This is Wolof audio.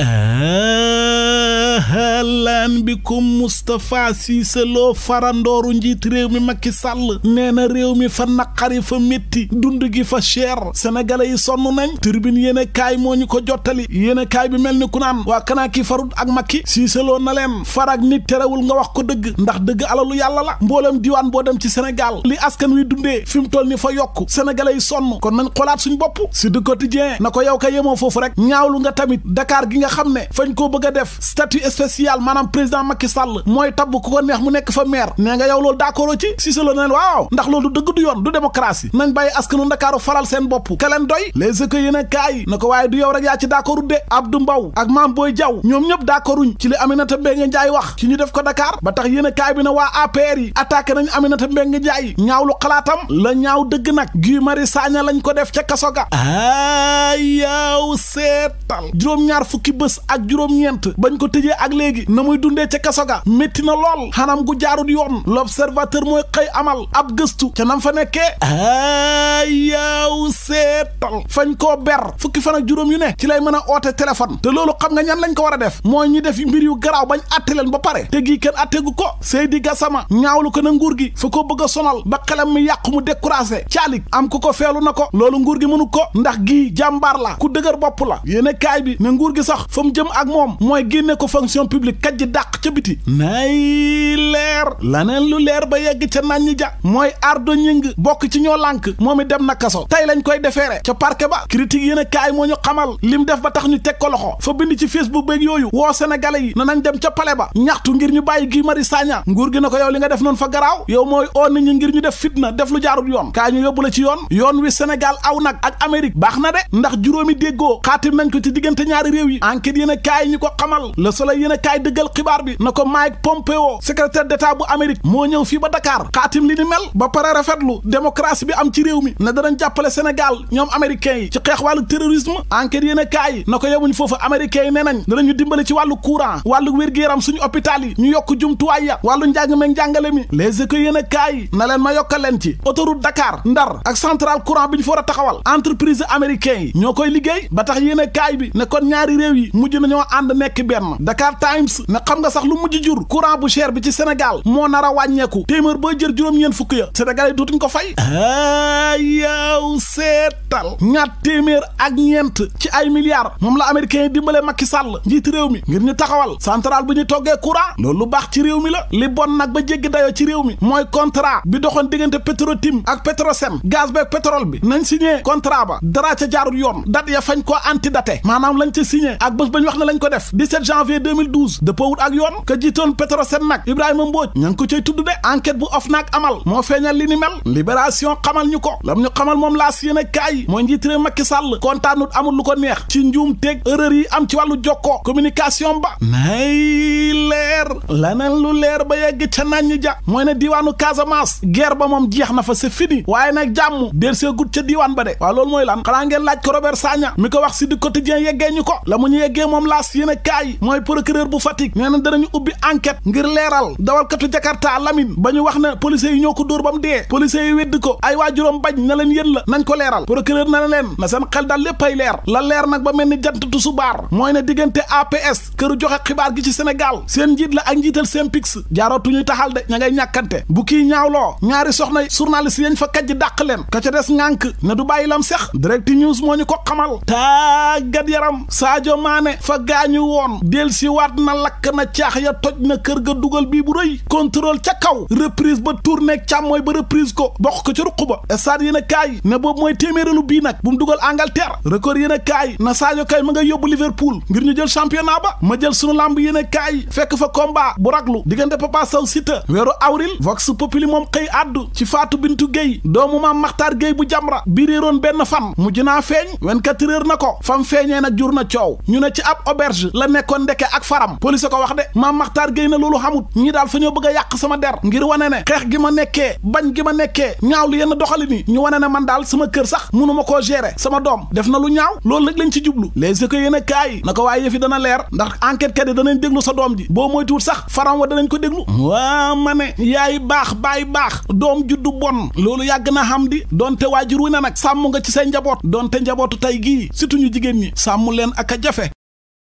อ่า halaan bi ko Moustapha Cissé Lo farandooru njiit réew mi Macky sàll nee na réew mi fa naqari fa métti dund gi fa cher sénégalais yi sonn nañ turbine yéen a kaay moo ñu ko jottali yéen a kaay bi mel ni ku naan waa kanaa ki farut ak Macky Cissé Lo na leen farag nit terewul nga wax ko dëgg ndax dëgg alalu yàlla la mboolem diwaan boo dem ci Sénégal li askan wi dundee fi mu toll ni fa yokk sénégalais yi sonn kon nañ xolaat suñ bopp si du quotidien na ko yow ka yemoo foofu rek ñaawlu nga tamit Dakar gi nga xam ne fañ koo bëgg a def sociale maanaam président Macky Sall mooy tabb ku ko neex mu nekk fa maire nee nga yow loolu d'accord ci Cissé Lo neen waaw ndax loolu du dëgg du yoon du démocratie nañ bàyyi askanu Ndakaaru faral seen bopp ka leen doy les écoles yéen a kaay na ko waaye du yow rek yaa ci d'accord de Abdou Mbow ak Mame Boye Diaw ñoom ñëpp d'accorduñ ci li Aminata Mbengue Ndiaye wax ci ñu def ko Dakar ba tax yéen a kaay bi na waa APR yi attaqué nañ Aminata Mbengue Ndiaye ñaaw lu xalaatam la ñaaw dëgg nag Guy Marius Sagna lañ ko def ca kaso ga a juróom-ñaar fukki bés ak juróom-ñeent bañ ko tëjee léegi na muy dundee ca kaso ga métti na lool xanam gu jaarut yoon l'observateur mooy xëy amal ab gëstu ca nam fa nekkee ayaw seetal fañ koo ber fukki fan juróom yu ne ci lay mën a oote téléphone te loolu xam nga ñan lañ ko war a def mooy ñi def mbir yu garaaw bañ atte leen ba pare te gii kenn attegu ko Seydi sama ñaawlu ko na nguur gi fa ko bëgg sonal ba xelam mi yàqu mu découragé caalik am ku ko feelu na ko loolu nguur gi mënu ko ndax gii jàmbaar la ku dëgër bopp la yéene kaay nguur gi sax mu jëm ak moom mooy génne ko fonction publique kat dàq ca biti nay leer laneen lu leer ba yegg ca naan ñi ja mooy ardo ñëng bokk ci ñoo lànk moom it dem na kaso tey lañ koy defeere ca parquet ba critique yéen a kaay moo ñu xamal lim def ba tax ñu teg ko loxo fa bind ci facebook beeg yooyu woo sénégalais yi na nañ dem ca pale ba ñaxtu ngir ñu bàyyi Guy Marius Sagna nguur gi na ko yow li nga def noonu fa garaaw yow mooy oo nit ñi ngir ñu def fitna def lu jaarul yoon kaay ñu yóbbu la ci yoon yoon wi sénégal aw nag ak amérique baax na de ndax juróomi déggoo xaatim nañ ko ci diggante ñaari réew yi enquête yéen a kaay ñu ko xamal yéen a kaay dëggal xibaar bi na ko Mike Pompeo secrétaire d'état moo ñëw fii ba Dakar xaatim li ni mel ba pare rafetlu démocratie bi am ci réew mi ne danañ jàppale Sénégal ñoom américains yi ci xeex wàllu terrorisme enquête yéen a kaay na ko yemuñ foofu américains yi nee nañ danañu dimbale ci wàllu courant wàllu wér-gu-yaram suñu hôpital yi ñu yokk jumtuwaay ya wàllu njàng meeg njàngale mi les écoles yéen a kaay leen ma yokkal leen ci autoroute Dakar Ndar ak centrale courant bi ñu fa a taxawal entreprise américains yi ñoo koy liggéey ba tax yéen a kaay bi ne kon ñaari réew yi mujj nañoo ànd nekk benn Dakar Times na xam nga sax lu ji jur courant bu cher bi ci Sénégal moo nar a wàññeeku téeméer boo jër juróom-ñeent fukk ya Sénégal yi dootuñ ko fay seetal ñaar téeméer ak ñeent ci ay milliards moom la américains yi dimbale Macky sàll njiitu réew mi ngir ñu taxawal centrale bu ñu toggee courant loolu lu baax ci réew mi la li bon nag ba jéggi dayoo ci réew mi mooy contrat bi doxoon diggante Petro-Tim ak Petrosen gaz beeg pétrole bi nañ signé contrat ba dara ca jaarul yoon date ya fañ ko antidaté maanaam lañ ca signé ak bés ba wax ne lañ ko def 17 janvier 2012 dëppoo wut ak yoon ka jiitoon Petrosen nag Ibrahima Mbodj ña ngi ko cay tudd de enquête bu Ofnac ni mel libération xamal ñu ko lam moom la laas yéen a kaay mooy njiit réew Macky kontaanut amul lu ko neex ci njuum teeg erreur yi am ci wàllu jokkoo communication ba nay laneen lu leer ba yegg ca naan ñi ja mooy ne diwaanu Casamance geer ba moom jeex na fa c'est fini waaye nag jàmm dér see gut ca diiwaan ba de waaw loolu mooy lan xanaa ngeen laaj ko Robert Sagna mi ko wax si di quotidien yeggee ñu ko la mu ñu yeggee moom laas yéen a kaay mooy procureur bu Fatick nee na danañu ubbi enquête ngir leeral dawalkatu Jakarta Lamine ba ñu wax ne policiers yi ñoo ko dóor ba mu dee policiers yi wedd ko ay waajuram bañ na leen yéen la nañ ko leeral procureur na leen na seen xel daal lépp leer la leer nag ba mel ni jant tusubaar mooy ne diggante APS këru joxe xibaar gi ci Sénégal seen njiit la ak njiital Synpics jaarootuñuy taxal de ña ngay ñàkkante bu kii ñaawloo ñaari soxna journaliste yañ fa kajj dàq leen ka ca des ŋànk ne du bàyyi lam sex direct news moo ñu ko xamal tàggat yaram Sadio Mané fa gaañu woon del si waat na lakk na caax ya toj na kër ga dugal bii bu rëy contrôle ca kaw reprise ba tourné càmmooy ba reprise ko bokk ko ci ruq ba stade yéen a ne boobu mooy téeméeralu bii nag bu mu dugal Angleterre record yéen na Sadio kay ma nga yóbbu Liverpool ngir ñu jël championnat ba ma jël sunu lamb yéen a kaay combat bu raglu diggante Papa Sow Siteu weeru avril vox populi moom xëy addu ci Faatu Bintu Gueye doomu maam Maxtaar Gueye bu Jamra bi réeroon benn fan mujj naa feeñ 24 heures na ko fam feeñee nag jur na coow ñu ne ci ab auberge la nekkoon ndeke ak faram police ko wax de maam Maxtaar Gueye na loolu xamut ñii daal fa ñoo bëgg a yàq sama der ngir wane ne xeex gi ma nekkee bañ gi ma nekkee ñaaw lu yenn doxali ni ñu wane ne man daal sama kër sax mënu ma koo gérer sama doom def na lu ñaaw loolu nag lañ ci jublu les écoles yéen na ko waaye leer ndax enquête kat yi danañ déglu sa doom baax wa danañ ko déglu waa ma ne yaay baax baay baax doom juddu bon loolu yàgg na xam di donte waajur wu ne nag sàmm nga ci say njaboot donte njabootu tey gii surtout ñu jigéen ñi sàmmu leen ak a jafe